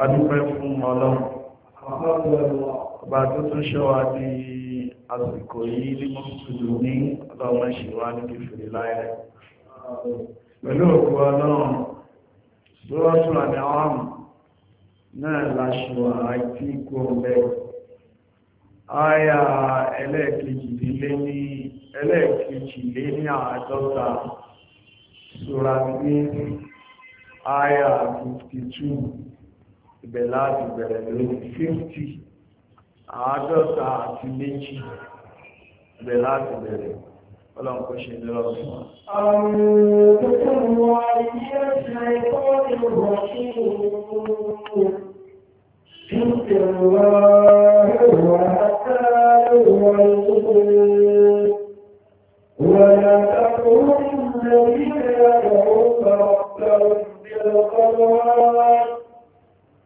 adúpẹ́ fún ọlọ́run ọba tó tún ṣọ́ wa di àsìkò yìí ní mùsùlùmí ọlọ́run ṣèwá ní kìfèrè láìrẹ̀ pẹ̀lú òkú ọlọ́run tó rọ́tún àmì àwọn náà láṣọ àti ikú ọ̀bẹ àyà ẹlẹ́ẹ̀kejì lé ní ẹlẹ́ẹ̀kejì lé ní àádọ́ta sura ní àyà 52 ibẹ̀ láti bẹ̀rẹ̀ lórí 50 àádọ́ta àti méjì ibẹ̀ láti bẹ̀rẹ̀ ọlọ́nkọ́ ṣe lọ́rọ̀ fún wa. ولا تقولوا الذين يدعون ربهم بالقرآن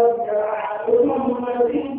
وجعلهم مدينة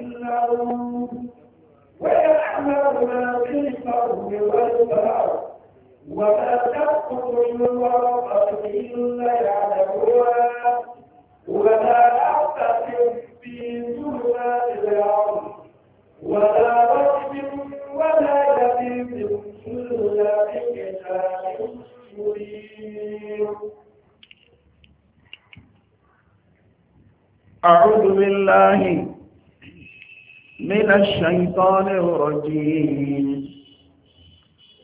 يمنعون في الأرض والبحر وما تسقط من ورقة إلا يعلمها وما أعتقد في ظلمات الأرض ولا رطب ولا يبيض إلا بكتاب أعوذ بالله من الشيطان الرجيم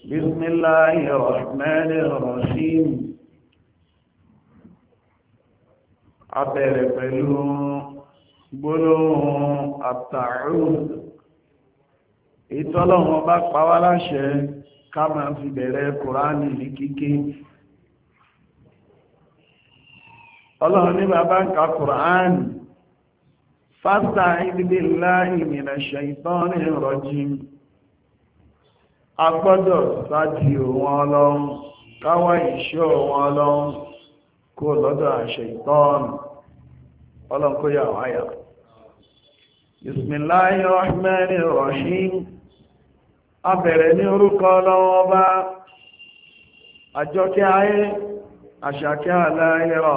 بسم الله الرحمن الرحيم عبر فلو بلو التعود ìtọ́lọ́wọ́n bá pàwà láṣẹ ká máa fi bẹ̀rẹ̀ kùránì ní kíké ọlọ́run ní bàbá ń ka kùránì فاستعذ بالله من الشيطان الرجيم a gbọ́dọ̀ sáti wọn ọlọ́run káwà ìṣọ́ wọn ọlọ́run kó lọ́dọ̀ àṣẹ ìtọ́ọ̀nù ọlọ́run kó yà wáyà bismillahir rahmanir rahim a bẹ̀rẹ̀ ní orúkọ ọlọ́run ọba àjọkẹ́ ayé àṣàkẹ́ àlàyẹ̀rọ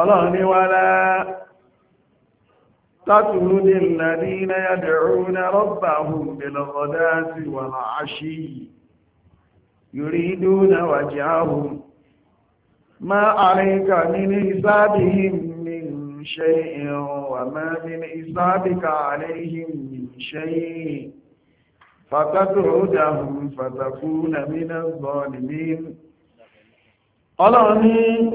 ọlọ́run ní wálá تطرد الذين يدعون ربهم بالغداة والعشي يريدون وجههم ما عليك من حسابهم من شيء وما من حسابك عليهم من شيء فتطردهم فتكون من الظالمين ọlọ́run ní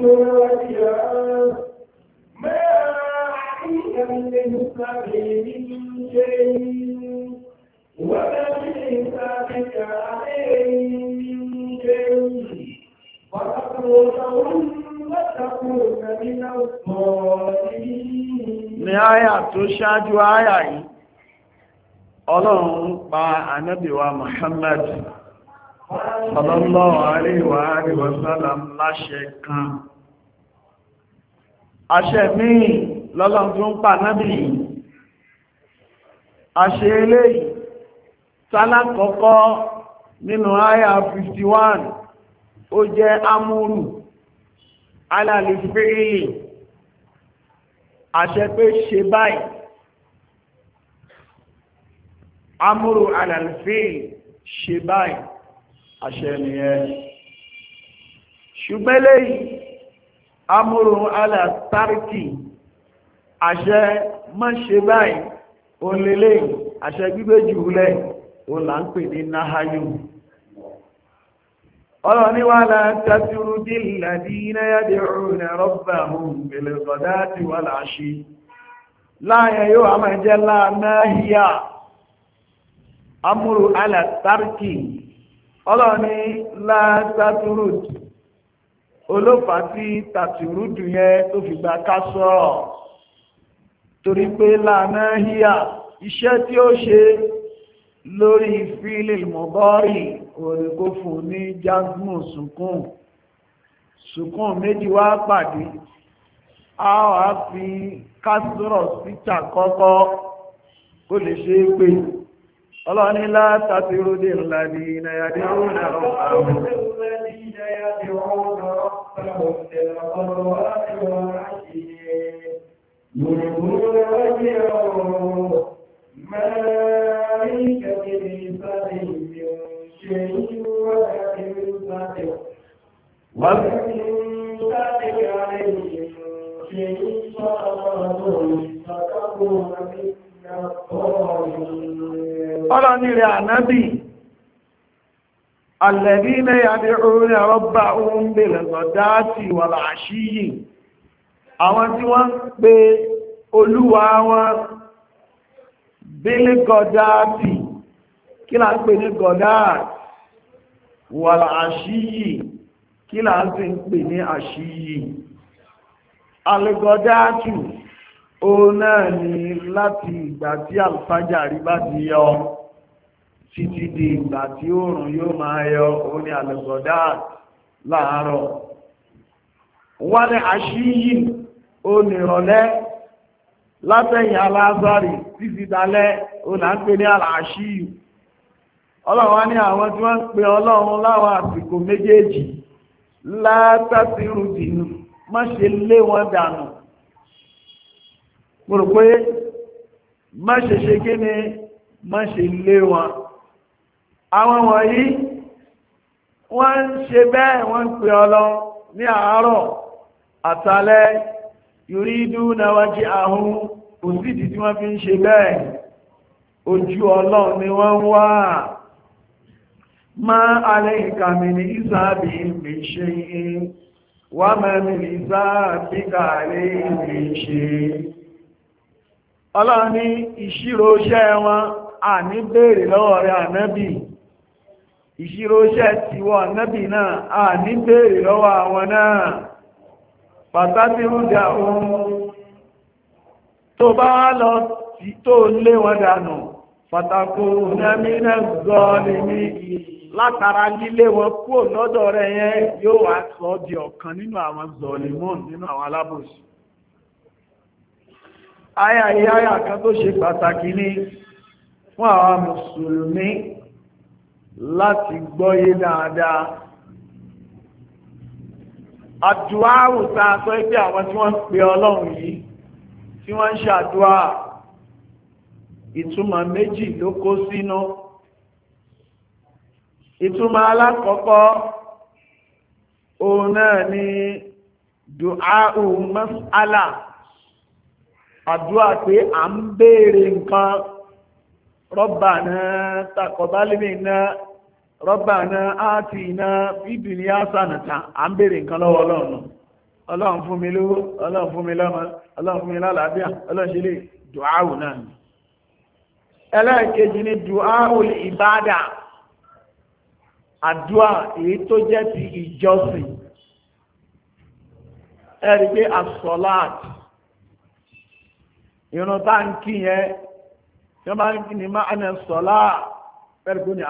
ما عليك من سبيل شيء وما لحسابك tó ṣáájú àyà yìí, Ọlọ́run pa ànábìwa Muhammad, sallallahu alaihi wa alihi láṣẹ kan àṣẹ míì lọ́lọ́run tó ń pa náàbì yìí àṣẹ eléyìí sálákọ́kọ́ nínú àyà 51 ó jẹ́ amúrù alàlìfíìlì àṣẹ pé ṣe báyìí amúrù alàlìfíìlì ṣe báyìí àṣẹ nìyẹn ṣùgbẹ́lẹ́yìí amúrù alàtàríkì àṣẹ mọ́ṣe báyìí olèlè àṣẹ gbígbé jùlẹ̀ o là ń pè ní náhayù ọlọ́ni wà láà dí ìlàdí iná yàdé òrùn rọ́bà hùn pèlè sọ̀dá àti wà láàṣí láàyẹ̀ yóò a máa jẹ́ láàáhíyà amúrù alàtàríkì ọlọ́ni láà olófà tí tàtìrúdù yẹn tó fi gba kásọ̀ torí pé lànà híyà iṣẹ́ tí ó ṣe lórí fílìl mọ̀bọ́rì òrìkó fún ní jasmu sukun sukun méjì wá pàdé a wá fi kásọ̀rọ̀ síta kọ́kọ́ kó lè ṣe é pé ọlọ́ni látàtìrúdù ńlá ní nàìjíríà لهم في الخضروات والعشي يريدون وجهه ما عليك برساله من شيء ولكن صادق ومن صادق عليهم شيء صادقهم صدقون من الطاغين. قال النبي الذين يدعون ربهم بالغداة والعشي àwọn tí wọ́n ń pe olúwa wọn bílí gọdáàtì kí là ń pè ní gọdáàtì wàlà àṣíyì kí là ń sì ń pè ní àṣíyì alìgọdáàtì òun náà ni láti ìgbà tí àlùfájà rí bá ti yọ títí di ìgbà tí oòrùn yóò máa yọ ó ní àlùsọ̀dá láàárọ̀ wálé àṣíyì ó nìrọ̀lẹ́ látẹ̀yìn aláàzárì títí dalẹ́ ó là ń pè ní àṣíyì ọlọ́run ní àwọn tí wọ́n ń pe ọlọ́run láwọn àsìkò méjèèjì látàtìrù dìnnú má ṣe lé wọn dànù mo rò pé má ṣe ṣe kí ni má ṣe lé wọn àwọn wọ̀nyí wọ́n ń ṣe bẹ́ẹ̀ wọ́n ń pè Ọlọ́run ní àárọ̀ àtàlẹ́ yuridu náwájí ahun kò sídìí tí wọ́n fi ń ṣe bẹ́ẹ̀ ojú Ọlọ́run ni wọ́n wá ma alayka min ìsáàbì mi ṣe wà mẹ́rin ìsáàbì kààlẹ́ mi ṣe Ọlọ́run ní ìṣirò iṣẹ́ wọn à ní lọ́wọ́ rẹ̀ ànábì ìṣirò iṣẹ́ tiwọ nẹ́bì náà a ní bèèrè lọ́wọ́ àwọn náà pàtàkì rúdà ohun tó bá lọ tó lé wọn dànù pàtàkì nẹ́mínà gọ́ọ̀lì ní látara lílé wọn kúrò lọ́dọ̀ rẹ̀ yẹn yóò wá sọ di ọ̀kan nínú àwọn zọ̀lìmọ́n nínú àwọn alábòsí ayà ìyáyà kan tó ṣe pàtàkì ní fún àwọn mùsùlùmí láti gbọ́yé dáadáa àdúáwù ta sọ pé àwọn tí wọ́n ń pe ọlọ́run yìí tí wọ́n ń ṣàdúà ìtumọ̀ méjì ló kó sínú ìtumọ̀ alákọ̀ọ́kọ́ òun náà ni dùáù mọ́sálà àdúà pé à ń béèrè nǹkan rọ́bà náà takọ̀bálẹ́mì náà rọ́bàná na iná ìdìní àsànàta à ń bèèrè nǹkan lọ́wọ́ ọlọ́run ọlọ́run fún mi lówó ọlọ́run fún mi lọ́mọ ọlọ́run fún mi lálàáfíà ọlọ́run ṣe lè dùáwù náà ni ẹlẹ́ẹ̀kejì ni dùáwù ìbádà àdúà èyí tó jẹ́ ti ìjọsìn ẹ̀rí pé yẹn tí wọ́n bá ń kí ni máa ń pẹ̀lú ní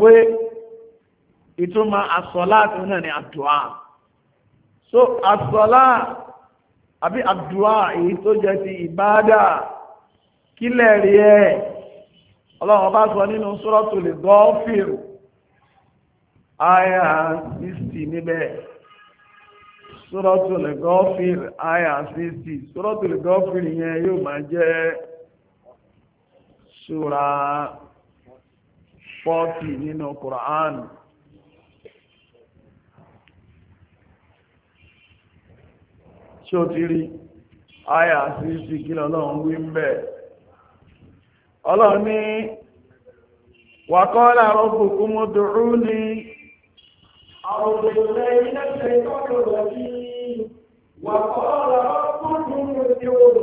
pé ìtumọ̀ àsọ̀lá tó náà ni àdùá so àsọ̀lá àbí àdùá èyí tó jẹ́ ti ìbáadà kílẹ̀ rí ẹ̀ ọlọ́run bá sọ nínú Suratul Ghafir aya 60 níbẹ̀ Suratul Ghafir aya 60 Suratul Ghafir yẹn yóò máa jẹ́ ṣúra fọ́ọ̀tì nínú Kùránì ṣé o ti rí àyà sí sí kí lọ́lọ́run wí ń bẹ̀ ọlọ́run ní wàkọ́lá rọ́pù kú mú dùrú ní àwọn ilẹ̀ wàkọ́lá rọ́pù kú mú dùrú ní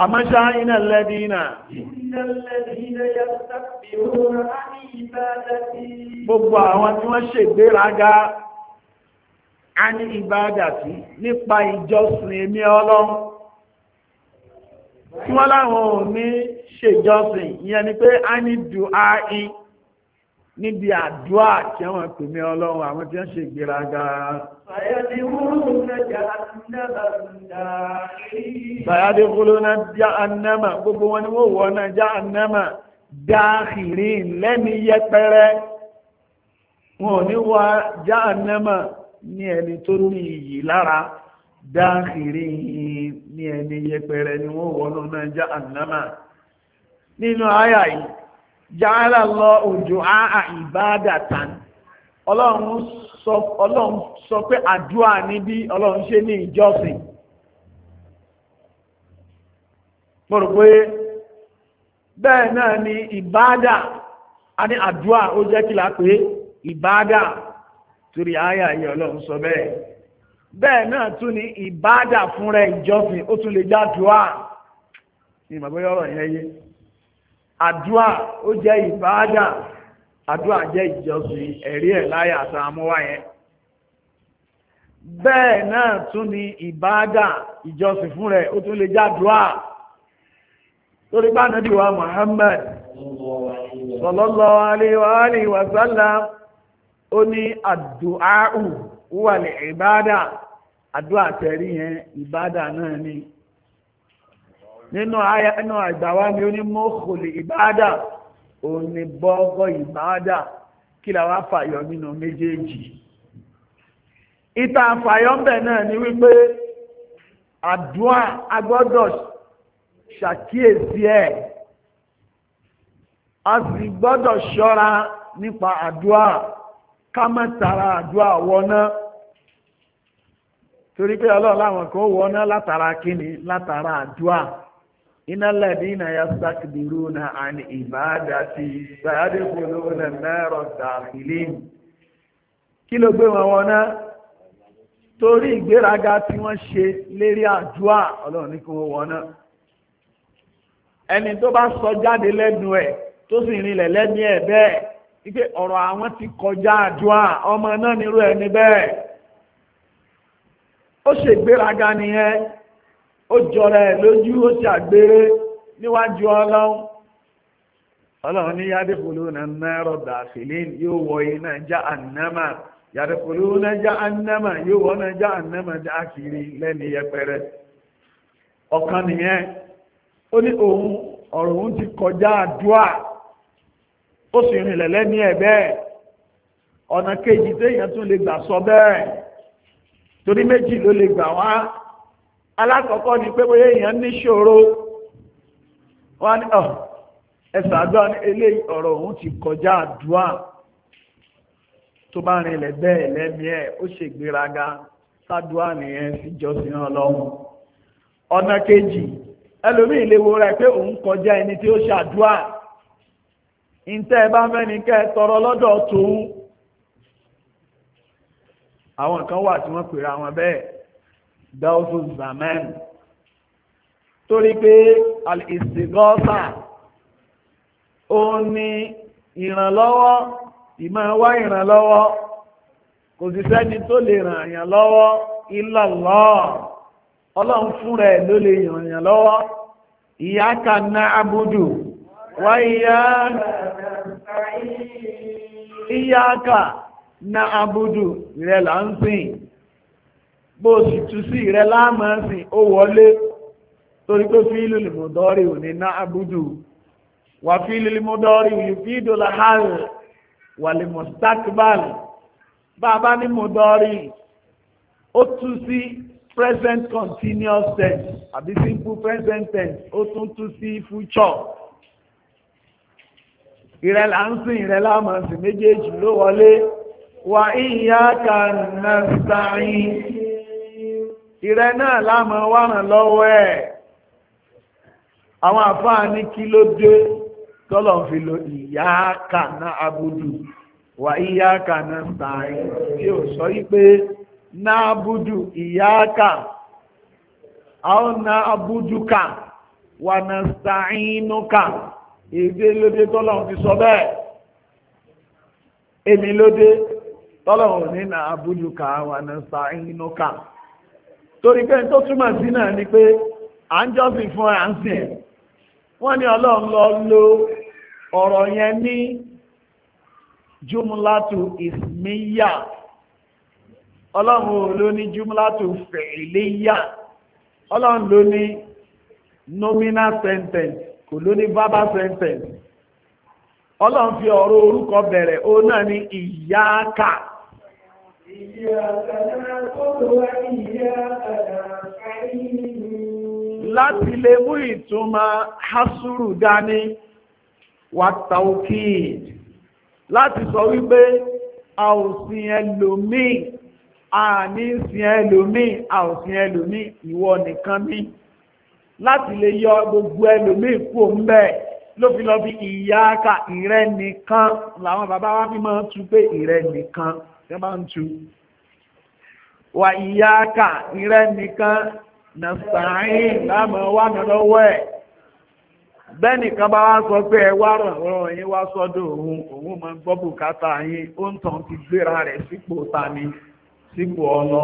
àmáṣá iná lẹ́dí iná gbogbo àwọn tí wọ́n ṣègbéraga a ní ìbádàtí nípa ìjọsìn èmi ọlọ́run tí wọ́n láwọn ò ní ṣèjọsìn ìyẹn ni pé a ní dù á í níbi àdúà tí wọ́n pè mí ọlọ́run àwọn tí wọ́n ṣègbéraga. àyẹ̀dì wúrú ń lẹ́jà Bàyádé kúrò náà já annama, gbogbo wọn ni wó wọ́n náà já annama dáàkìrí lẹ́ni yẹpẹrẹ. Wọn ò ní wá já annama ní ẹni tó ní iyì lára, dáàkìrí ní ẹni yẹpẹrẹ ni wó wọ́n náà já annama. Nínú àyà yìí, já sọ ọlọ́run sọ pé àdúrà níbí ọlọ́run ṣe ní ìjọsìn mo bẹ́ẹ̀ náà ni ìbáàdà a ní àdúrà ó jẹ́ kí la pé torí àyà yìí ọlọ́run sọ bẹ́ẹ̀ bẹ́ẹ̀ náà tún ni ìbáàdà fúnra ìjọsìn ó tún lè yẹn yé àdúrà àdúrà jẹ́ ìjọsìn ẹ̀rí ẹ̀ láyà yẹn bẹ́ẹ̀ náà tún ni ìbáadà ìjọsìn fún rẹ̀ ó tún lè jádùá torí bá náà wa Muhammad sallallahu alaihi wa ó ni nínú àgbàwá ni ó ní mọ́kòlì òun ni bọ́gọ́ ìbáadà kí làwọn afàyọ nínú méjèèjì ìta àfàyọ ńbẹ náà ni wípé àdúrà agbọ́dọ̀ ṣàkíyèsí ẹ̀ a sì gbọ́dọ̀ ṣọ́ra nípa àdúrà ká má tara àdúrà wọná torí pé ọlọ́run láwọn kan wọná látara kíni látara àdúrà. iná lẹ́dínà ya sákìdìrú na àní ìbáadà ti sáàdìkúrò na mẹ́rọ̀ tààkìlì kí ló gbé wọn wọn náà torí ìgbéraga tí wọ́n ṣe lérí àdúà ọlọ́run ní kí wọn náà ẹni tó bá sọ jáde lẹ́nu ẹ̀ tó sì wípé àwọn ti kọjá ọmọ náà nírú ẹni ó jọra ẹ̀ lójú ó ṣàgbére níwájú ọlọ́run ọlọ́run ní yádẹ́fòló na dàfílín yóò wọ iná já annama yádẹ́fòló na já yóò wọ na já ànámà dákiri lẹ́ni yẹpẹrẹ ọ̀kan nìyẹn ó ní òun ọ̀rọ̀ òun ti kọjá àdúà ó sì rìnlẹ̀ lẹ́ni ẹ̀ bẹ́ẹ̀ ọ̀nà kejì téèyàn tún lè gbà sọ bẹ́ẹ̀ torí méjì ló lè gbà alákọ̀ọ́kọ́ ni pé bóyá èèyàn wọ́n ní ah, ẹ̀sà àdúrà ní ilé ọ̀rọ̀ òun ti kọjá àdúrà tó bá rinlẹ̀ bẹ́ẹ̀ lẹ́mí ẹ̀ ó nìyẹn síjọsìn ọlọ́run ọ̀nà kejì ẹlòmíì lè wo ra pé òun kọjá ẹni tí ó ẹ bá kẹ́ ẹ tọrọ lọ́dọ̀ àwọn kan wà tí wọ́n pèrè dáwọ́sù zamani torí pé alìsìgọ́sà ó ní ìrànlọ́wọ́ ìmọ̀ wá ìrànlọ́wọ́ kò sì sẹ́ni tó lè ràn yàn lọ́wọ́ illallah ọlọ́run fún rẹ̀ ló lè ràn yàn lọ́wọ́ iyyaka na'budu wa iyyaka na'budu rẹ̀ là ń sìn bó sì tú sí rẹ láàmọ́sìn ó wọlé torí pé fíìlù lèmọ̀dọ́rì ò ní ná abúdù wà fíìlù lèmọ̀dọ́rì yìí fíìdò làhàl wà lèmọ̀stákbàl bàbá ní mọ̀dọ́rì ó tú sí present continuous tense àbí simple present tense ó tún tú sí future ìrẹ là ń sìn ìrẹ láàmọ́sìn méjèèjì ló wọlé wà ìyá kan náà sáyìn. ìrẹ náà láàmọ́ wá lọ́wọ́ ẹ̀ àwọn àfáà ní kí ló dé lo ìyá kàná abudu wà ìyá kàná sàárì tí ó sọ wípé na abudu ìyá kà àwọn náà abudu kà wà náà sàárìnú kà èdè eze tọ́lọ̀ fi sọ bẹ́ẹ̀ èmi lóde tọ́lọ̀ ní náà abudu kà wà náà torí pé tó túmọ̀ sí náà ni pé à ń jọ́sìn fún ẹ̀ à ń sìn ẹ̀ wọ́n ọlọ́run lọ lo ọ̀rọ̀ yẹn ní jumlatu ismiya ọlọ́run ló ní jumlatu fẹ̀ẹ́lẹ́yà ọlọ́run ló ní nominal sentence kò ló ní verbal sentence ọlọ́run fi ọ̀rọ̀ orúkọ bẹ̀rẹ̀ ó náà ní ìyáàkà Láti lè mú ìtumọ̀ Hasúrù dání wà Tawkid láti sọ wípé a ò sin ẹlòmíì, a ní sin a ò sin ẹlòmíì ìwọ nìkan ni. Láti lè yọ gbogbo ẹlòmíì kú òun bẹ́ẹ̀. ló lọ bí ìrẹ́ nìkan làwọn bàbá wa máa ń pé ìrẹ́ nìkan ṣe máa ń tu wà ìyáàkà ìrẹ́ nìkan nàṣàáyìn láàmú wà lọ́wọ́ ẹ̀ bẹ́nìkan bá wá sọ pé ẹ wá rànràn yín wá sọ́dọ̀ òun òun máa gbọ́ bùkátà yín ó ń tàn ti gbéra rẹ̀ sípò tani sípò ọ̀nà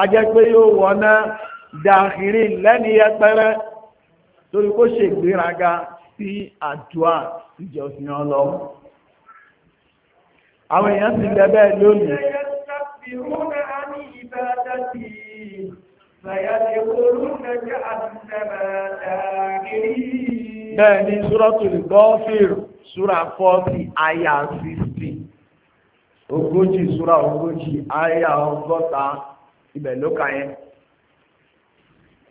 a jẹ́ pé yóò lẹ́ni torí sí àdúà ìjọsìn ọlọ́run àwọn èèyàn sì lẹ́bẹ̀ lónìí bẹ́ẹ̀ ni Suratul Ghafir súra 40 àyà 60 ogójì súra ogójì àyà ọgọ́ta ibẹ̀ ló kà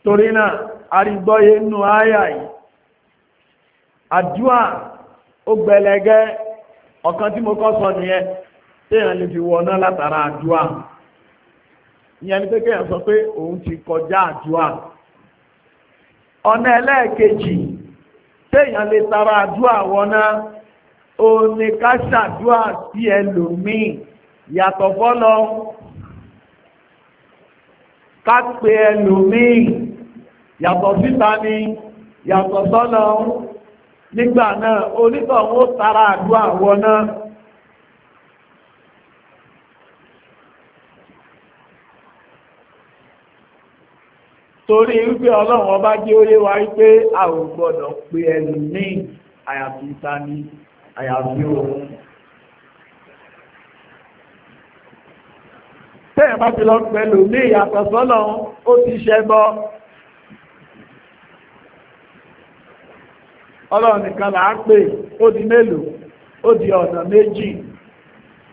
torí náà arígbọ́yé nù àyà yìí àdúà ó gbẹlẹgẹ́ ọ̀kan tí mo kọ́ sọ nìyẹn téèyàn lè fi wọná látara àdúà ìyẹn ni pé kéèyàn sọ pé òun ti kọjá àdúà ọ̀nà ẹlẹ́ẹ̀kejì téèyàn lè tara àdúà wọná òun ni ká ṣàdúà sí ẹlòmíì yàtọ̀ fọ́lọ́ ká pe ẹlòmíì yàtọ̀ síta ni yàtọ̀ sọ́lọ́ nígbà náà onítọ̀hún ó tara àdúrà wọn náà torí wípé ọlọ́run ọba jẹ́ ó yé wa wípé a ò gbọ́dọ̀ pé ẹnu ní àyàfi ìtani àyàfi òun tẹ́yìn bá ti lọ pẹ̀lú ní ìyàtọ̀ sọ́lọ́run ó ti ṣẹbọ ọlọ́run nìkan là pè ó di mélòó ó di ọ̀nà méjì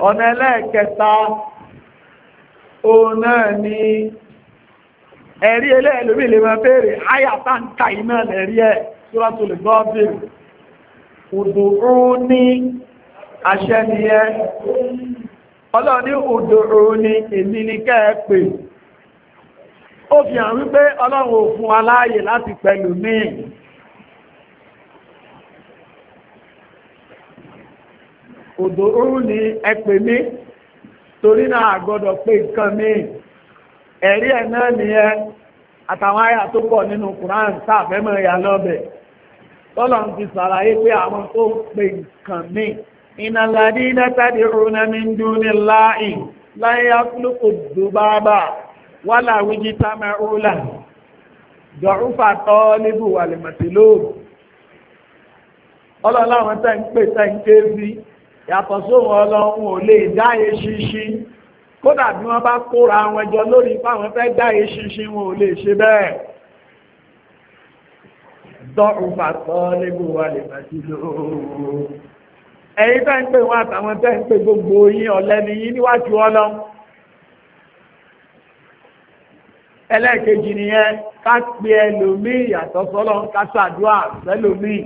ọ̀nà ẹlẹ́ẹ̀kẹta òun náà ni ẹ̀rí ẹlẹ́ẹ̀lómi lè máa béèrè àyàtà ń ka iná ẹ̀ tó lè ní wípé ọlọ́run láti pẹ̀lú míì òdò òun ni ẹ pè mí torí náà àgbọ́dọ̀ pé nǹkan mi ẹ̀rí ẹ̀ náà nìyẹn àtàwọn àyà tó pọ̀ nínú Quran sáàfẹ́mọ̀ ìyá lọ́bẹ̀ tọ́lọ̀ ń fi sàlàyé pé àwọn tó ń pè nǹkan mi ìnàlàdí látàdí òrùnàmí ń dún ní láì láyé afúlùkù dùbábà wà láwùjí támẹ́rúlà dọ̀rúfà tọ́ níbù wàlìmọ̀tì ọlọ́láwọn tẹ́ ń pè tẹ́ ń ké sí yàtọ̀ sóhun ọlọ́run ò lè dá eṣinṣin kódà bí wọ́n bá kóra wọn jọ lórí fáwọn fẹ́ dá eṣinṣin wọn ò lè ṣe bẹ́ẹ̀ dọ́rùfà tọ́ lébù wà lè bá sí lóòrùn ẹ̀yin tẹ́ ń pè wọ́n àtàwọn tẹ́ ń pè gbogbo yín ọ̀lẹ́ni yín níwájú ọlọ́run ẹlẹ́ẹ̀kejì nìyẹn ká pe ẹlòmíì yàtọ̀ sọ́lọ́run ká ṣàdúà sẹ́lòmíì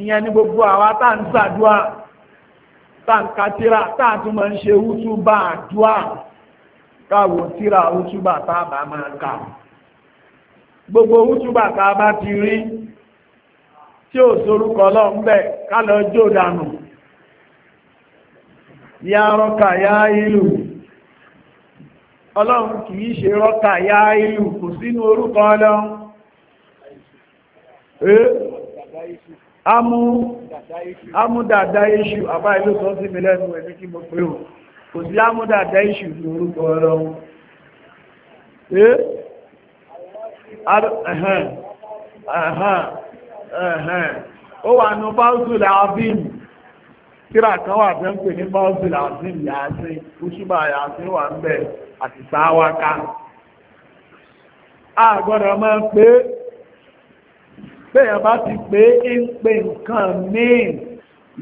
ìyẹn ní gbogbo àwa tá à ń ṣàdúà táǹkà tíra táàtún máa ń ṣe útúbà àdúà káwò tíra útúbà táàbà máa kà gbogbo útúbà táàbà ti rí tí ò sorúkọ lọ ń bẹ̀ ká lọ jó dànù ya rọ́kà ya ìlú ọlọ́run kìí ṣe rọ́kà ya ìlú kò sínú orúkọ ọlọ́run amúdàdá iṣu àbá ìlú tó sí mi lẹ́nu ẹ̀mí kí mo pé o kò sí amúdàdá iṣu ní orúkọ ọ̀rọ̀ wọn ó wà ní báúsùlẹ̀ azim tíra kan wà tẹ́ ń pè ní báúsùlẹ̀ azim yàásí kúṣùbà yàásí wà ń bẹ̀ àti sáwáká a gbọ́dọ̀ máa bẹ́ẹ̀ bá ti pé ń pè nǹkan míì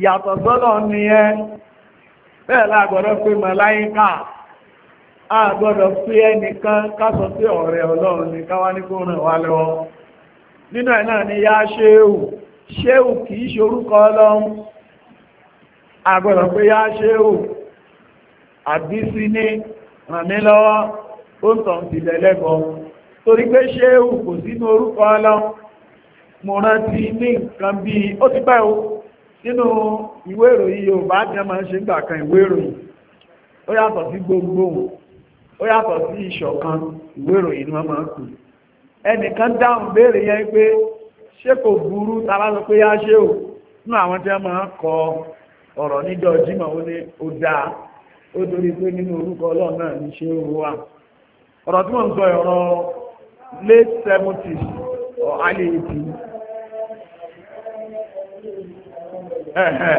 yàtọ̀ sọ́lọ̀ nìyẹn bẹ́ẹ̀ lágbọ́dọ̀ pé màláíkà a gbọ́dọ̀ pé ẹnìkan kásọ sí ọ̀rẹ́ ọlọ́run ní káwá ní kó ràn wá lọ nínú ẹ̀ náà ni yá ṣéhù ṣéhù kìí ṣorúkọ ọlọ́run a gbọ́dọ̀ pé yá ṣéhù àbísí ní ràn mí lọ́wọ́ ó ń tàn sí lẹ́lẹ́bọ torí pé ṣéhù kò sínú orúkọ ọlọ́run mo rántí ní nǹkan bí ó ti pẹ́ nínú ìwé ìròyìn Yorùbá bá a máa ń ṣe gbà kan ìwé ìròyìn ó yàtọ̀ sí gbogbo ó yàtọ̀ sí ìṣọ̀kan ìwé ìròyìn ni wọ́n máa ń kù ẹnìkan dáhùn béèrè yẹn pé ṣé kò burú tara sọ pé yá ṣe o nínú àwọn tí wọ́n máa ń kọ ọ̀rọ̀ níjọ́ ó ní ó dáa ó or alìyìtì ẹ̀hẹ̀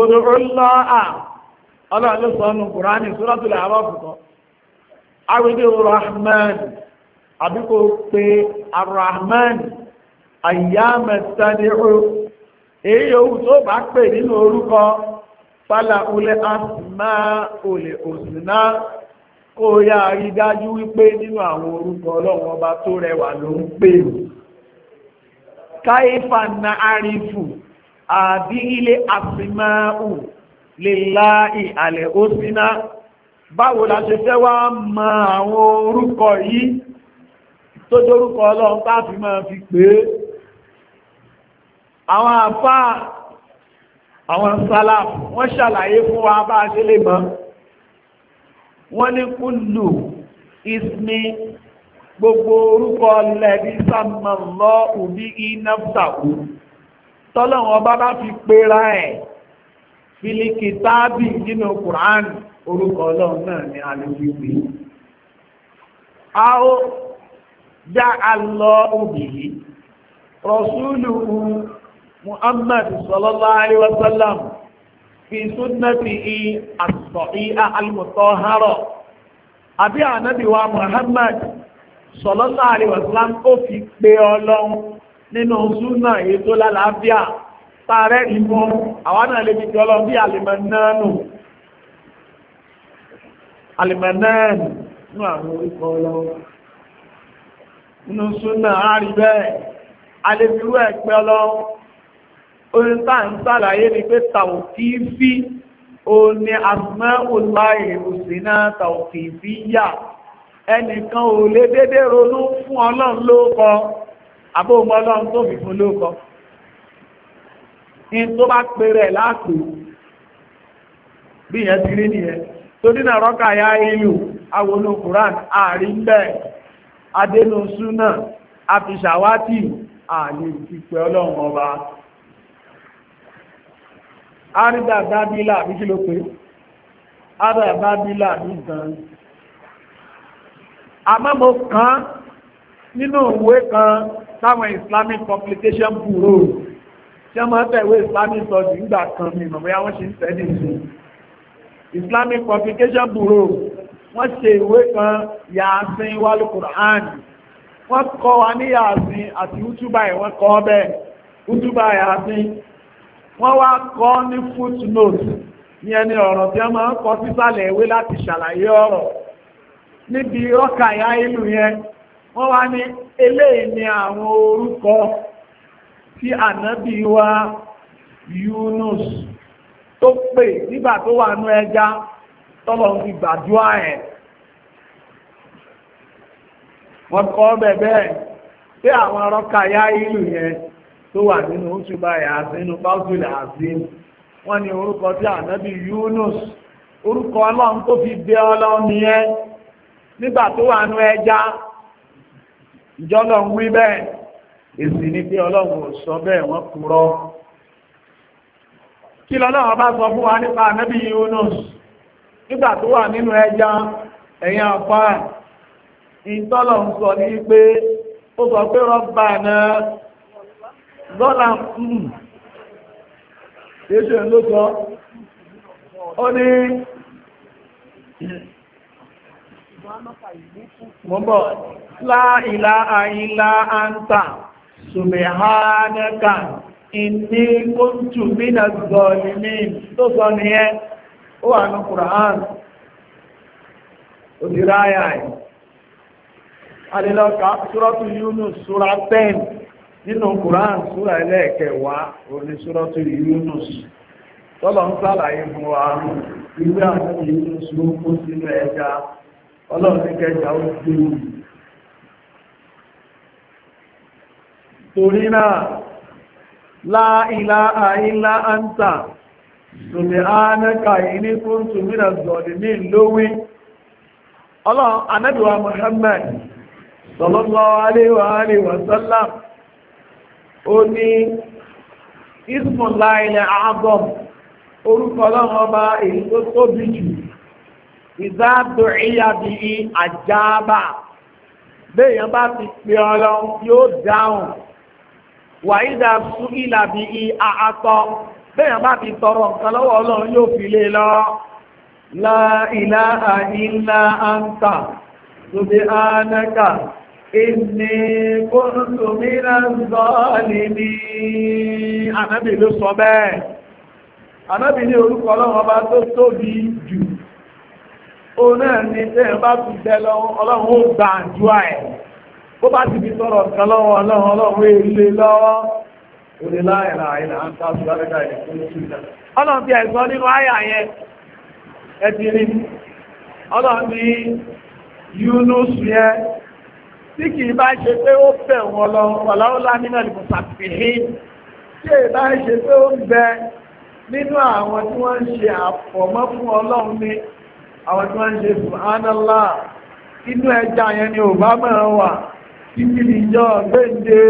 òdòrò à ọlọ́ọ̀lọ́ sọ́nù kùránì suratul A'raf fùkọ́ awìdí rahman àbíkò pé arahman ayyámẹ́tàdíhù èyí yóò tó bá pè nínú orúkọ fálà ulẹ̀ asìmá olè òsìná kó o yá rí dájú wípé nínú àwọn orúkọ ọlọ́run ọba tó rẹwà ló ń pè ó káífà na àrífù àbí ilé àfimáhù lè láì àlẹ̀ ó síná báwo la ṣe fẹ́ wá mọ àwọn orúkọ yìí tó jórúkọ ọlọ́run tá fi máa fi pè àwọn àfáà àwọn sálà wọ́n ṣàlàyé fún wa bá ṣe lè mọ̀ wọ́n ní kúlù ismi gbogbo orúkọ lẹ́bí sàmàlọ́ òbí ináfsàkú tọ́lọ́wọ́n bá bá fi pera ẹ̀ fílíkì nínú Qur'an orúkọ ọlọ́run náà ni a a ó òbí Muhammad sallallahu fi súnnàtì i àtọ̀í àlùmọ̀tọ́ hárọ̀ àbí ànábì wa Muhammad sallallahu alaihi wasallam ó fi pé ọlọ́run nínú súnnà èyí tó lálàáfíà tààrẹ ìmọ̀ àwọn náà lè fi jọ lọ bí àlìmọ̀nánù àlìmọ̀nánù ní àwọn orúkọ orin tá ń sàlàyé ni pé tàwùkìfí o ní asma'ullahi husna tàwùkìfíyà ẹnìkan ò lè dédé ronú fún ọlọ́run enikan o ọlọ́run tó fi fún lóókọ ní tó bá pèrè láàpù bí ìyẹn ti rí nìyẹn tó dínà rọ́kà ya ìlú awonú Quran àárín bẹ́ẹ̀ adénú súnà àfìṣàwátì àlè ìfipẹ́ ọlọ́run ọba àrídà dábílà ní kí ló pé àrídà dábílà ní gan àmọ́ mo kàn nínú ìwé kan táwọn islamic complication bureau tí wọ́n máa tẹ̀wé islamic study nígbà kan mi mọ̀ bóyá wọ́n ṣe ń tẹ́lẹ̀ sí islamic complication bureau wọ́n ṣe ìwé kan yàásín wálùkùrán wọ́n kọ́ wa ní yàásín àti útúbà ẹ̀ wọ́n kọ́ bẹ́ẹ̀ útúbà yàásín wọ́n wá kọ́ ní footnote ní ẹni ọ̀rọ̀ tí wọ́n máa ń kọ sísàlẹ̀ ìwé láti ṣàlàyé ọ̀rọ̀ níbi rọ́kàyà ìlú yẹn wọ́n wá ní eléyìí ni àwọn orúkọ tí ànábì wa Yunus tó pè nígbà tó wà nú ẹja tọ́lọ̀ fi gbàdúrà ẹ̀ wọ́n kọ́ bẹ̀ bẹ́ẹ̀ tó wà nínú oṣùbà yàásínú báṣùlì àzín wọ́n ni orúkọ tí ànábì Yunus orúkọ ọlọ́run tó fi bẹ ọlọ́run nìyẹn nígbà tó wà nú ẹja ìjọlọ́run wí bẹ́ẹ̀ èsì ni pé ọlọ́run ò sọ bẹ́ẹ̀ wọ́n kí lọ́lọ́run bá sọ fún wa nípa Yunus nígbà tó wà nínú ẹja ẹ̀yìn àpá sọ ní pé ó sọ pé rọ́bà náà lọ́la mú hmm. ṣeéṣe ló sọ ó ní mọ́bọ̀ láìlá àìlá àǹtà sùmẹ̀hánẹ́kà ìní kóntù mínà zọ̀lìmí tó sọ nìyẹn ó wà ní Kùrán òdìráyà ẹ̀ adìlọ́ka súrọ́tù Yunus súra 10 nínú Kùránì súra ẹlẹ́ẹ̀kẹwàá oníṣúrọ́tù Yúnus tọ́lọ ń sàlàyé fún wa ìwé àwọn Yúnus ló kó sínú ẹja ọlọ́run ní kẹjà ó dé torí náà láìlá àìlá àǹtà tòlè ánẹ́kà ìní fún tòmínà zọ̀dì ní lówí ọlọ́run anẹ́dùwà Muhammad sallallahu alaihi wa alihi ó ní ismùlá ilẹ̀ ààbọ̀m orúkọ ọlọ́run ọba èyí tó tóbi jù ìzáàtò ìyàbí àjábà béèyàn bá ti pè ọlọ́run yóò dáhùn wàyídà sún ìlàbí àátọ́ béèyàn bá ti tọrọ nǹkan lọ́wọ́ ọlọ́run yóò fi lé e lọ la ilaha illa anta subhanaka Inni kuntu minaz zalimin. anábì ló sọ bẹ́ẹ̀. Anábì ní orúkọ ọlọ́run ọba tó tóbi jù. O náà ni tẹ́yìn bá fi bẹ ọlọ́run ó gbà àdúrà ẹ̀. Bó bá ti fi sọ̀rọ̀ kan lọ́wọ́ ọlọ́run ọlọ́run èlé lọ́wọ́. láìra àìlà ń tó sùn Ọlọ́run ẹ̀sọ́ nínú àyà yẹn. Ẹ ti rí. Ọlọ́run tí kì í bá ṣe pé ó bẹ̀ wọn lọ ọ̀làọ́lá nínú ẹ̀lùkùn sàfihì tí èyí bá ṣe pé ó ń bẹ nínú àwọn tí wọ́n ń ṣe àfọ̀mọ́ fún ọlọ́run ní àwọn tí wọ́n ń ṣe subhanallah inú ẹja yẹn ni ò bá mẹ́rin wà títí níjọ́ gbéǹde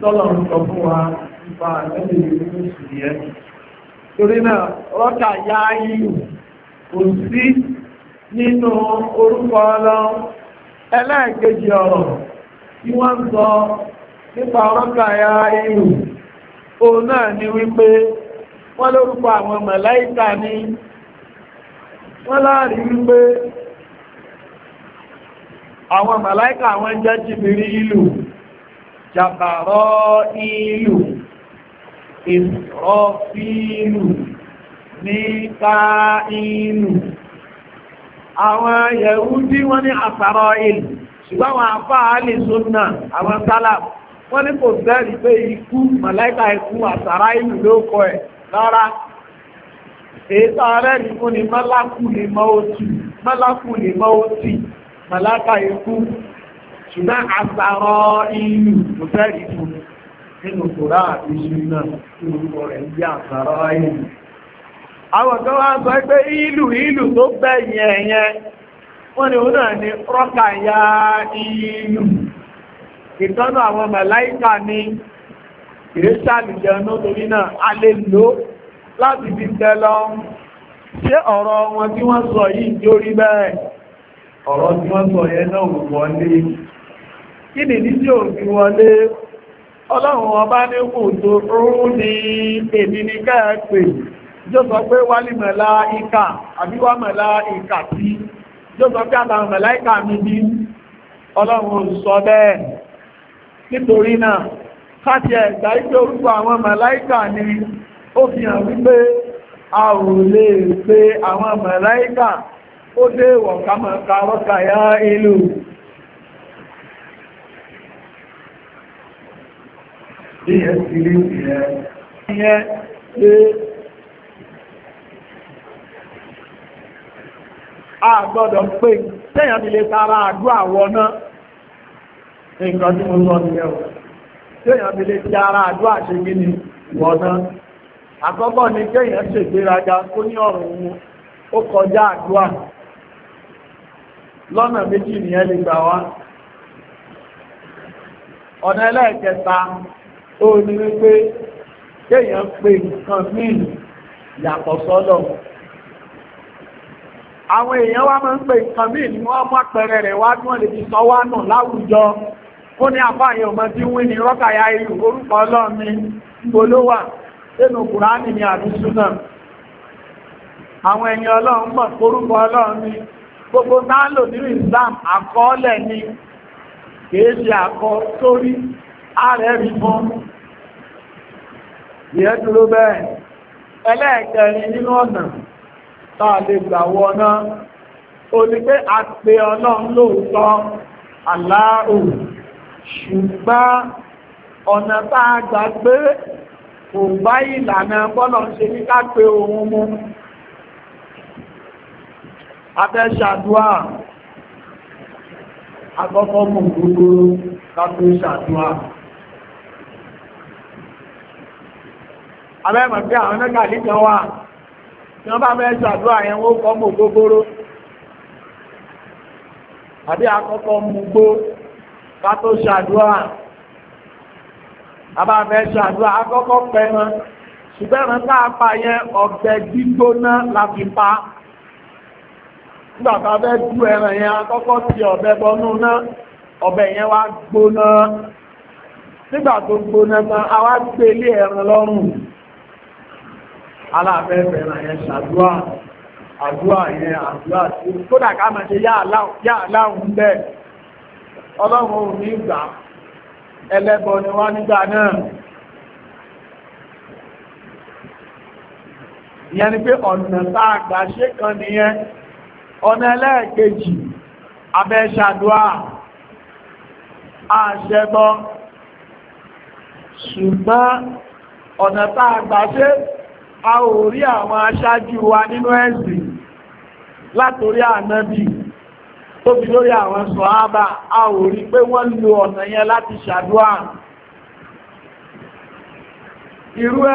tọ́lọ̀run sọ fún wa nípa ẹgbẹ́ ìlú ìṣìyẹn torí náà rọ́kà yááyí kò sí nínú orúkọ ọlọ́run ẹlẹ́ẹ̀kejì ọ̀rọ̀ tí wọ́n ń sọ nípa ọ̀rọ̀kàyà ìlú o náà ni wípé wọ́n lórúkọ àwọn màláíkà ni wọ́n láàrin wípé àwọn màláíkà àwọn jẹ́ jìbìrí ìlú jàbàrọ̀ ìlú ní àwọn yẹ̀húdí wọ́n ní àsàrọ̀ ìlú ṣùgbọ́n àwọn àfáà lè sọ́nà àwọn sálà wọ́n ní kò sẹ́rì pé ikú màláìkà ikú àsàrà ìlú ló kọ ẹ̀ rárá èyítọ́ rẹ̀ ní fún ni mọ́lákù lè mọ́ òtù mọ́lákù lè mọ́ òtì màláìkà ikú ṣùgbọ́n àsàrọ̀ ìlú kò sẹ́rì fún nínú kòrá àti ṣùgbọ́n nínú kòrẹ̀ ń bí àsàrọ̀ ìlú àwọn kan wá sọ pé ìlú ìlú tó gbẹ̀yìn ẹ̀yẹ wọ́n ni òun náà ni rọ́kà ya ìlú ìtọ́nà àwọn mẹ̀láìkà ni ìrẹ́sàlì jẹun torí náà a lè lò láti fi lọ. ṣé ọ̀rọ̀ wọn tí wọ́n sọ yìí jórí bẹ́ẹ̀ ọ̀rọ̀ tí wọ́n sọ yẹn náà wò wọlé kí nìdí tí ò fi wọlé ọlọ́run ọba ní kò tó rú ní èmi ní káà pè yóò sọ pé wálé mọ̀lá ìkà àbí wá mọ̀lá ìkà tí yóò sọ pé àtàwọn mọ̀lá ìkà mi ní ọlọ́run sọ bẹ́ẹ̀ nítorí náà káti ẹ̀gbà ìpé orúkọ àwọn mọ̀láíkà ni ó fi hàn wípé a ò lè pé àwọn mọ̀láíkà ó dé wọ̀nkámọ̀ká rọ́kà yá ìlú ìyẹn àgbọ́dọ̀ pé tẹ́yàn ti lè tara àdú àwọ̀ náà nǹkan tí mo lọ nílẹ̀ ò tẹ́yàn ti lè tara àdú àṣegí ni wọ̀ náà àkọ́kọ́ ni kéèyàn ṣègbéraga kó ní ọ̀rọ̀ òun ó kọjá àdúà lọ́nà méjì ní wípé yàtọ̀ sọ́dọ̀ àwọn èèyàn wá máa ń pè nǹkan míì ní wọ́n mú àpẹẹrẹ rẹ̀ wá bí wọ́n lè fi sọ wá nù láwùjọ ó ní àfáàyàn ọmọ tí ń wí ní rọ́kàyà irú orúkọ ọlọ́run ní gbolówà nínú kùránì ní àdúsù náà àwọn èèyàn ọlọ́run táà lè gbà wọná ó ní pé a pè ọlọ́run lóòótọ́ aláàrù ṣùgbọ́n ọ̀nà táà gbà pé kò bá ìlànà bọ́lọ̀ ṣe ní ká pé ohun mú abẹ́ṣàdúà akọ́kọ́ mú gbogbo kápé ṣàdúà abẹ́mọ̀ pé àwọn ẹgbẹ̀rẹ̀ wà tí wọ́n bá fẹ́ ṣàdúrà yẹn wọ́n kọ́ mú gbogbooro àbí akọ́kọ́ mú gbó ká tó ṣàdúrà àbá fẹ́ ṣàdúrà akọ́kọ́ pẹ́ wọn ṣùgbọ́n ẹ̀rọ tá a pa yẹn ọ̀bẹ gbígbóná la fi pa nígbà tá a fẹ́ du ẹran yẹn akọ́kọ́ ti ọ̀bẹ bọnú náà ọ̀bẹ yẹn wá gbóná nígbà tó gbóná tán a wá gbélé ẹran lọ́rùn aláàfẹ́fẹ́ ràn yẹn ṣàdúrà àdúrà yẹn àdúrà tí ó kódà ká máa ṣe yá aláhùn bẹ́ẹ̀ ọlọ́run ò ní gbà ẹlẹ́bọ ni wọ́n nígbà náà ìyẹn ni pé ọ̀nà tá a gbà ṣe kan nìyẹn ọ̀nà ẹlẹ́ẹ̀kejì abẹ́ ṣàdúrà àṣẹbọ ṣùgbọ́n ọ̀nà tá a gbà ṣe a ò rí àwọn aṣáájú wa nínú ẹ̀sìn látorí ànábì tóbi lórí àwọn sọ̀hábà a ò rí pé wọ́n lo ọ̀nà yẹn láti ṣàdúrà irú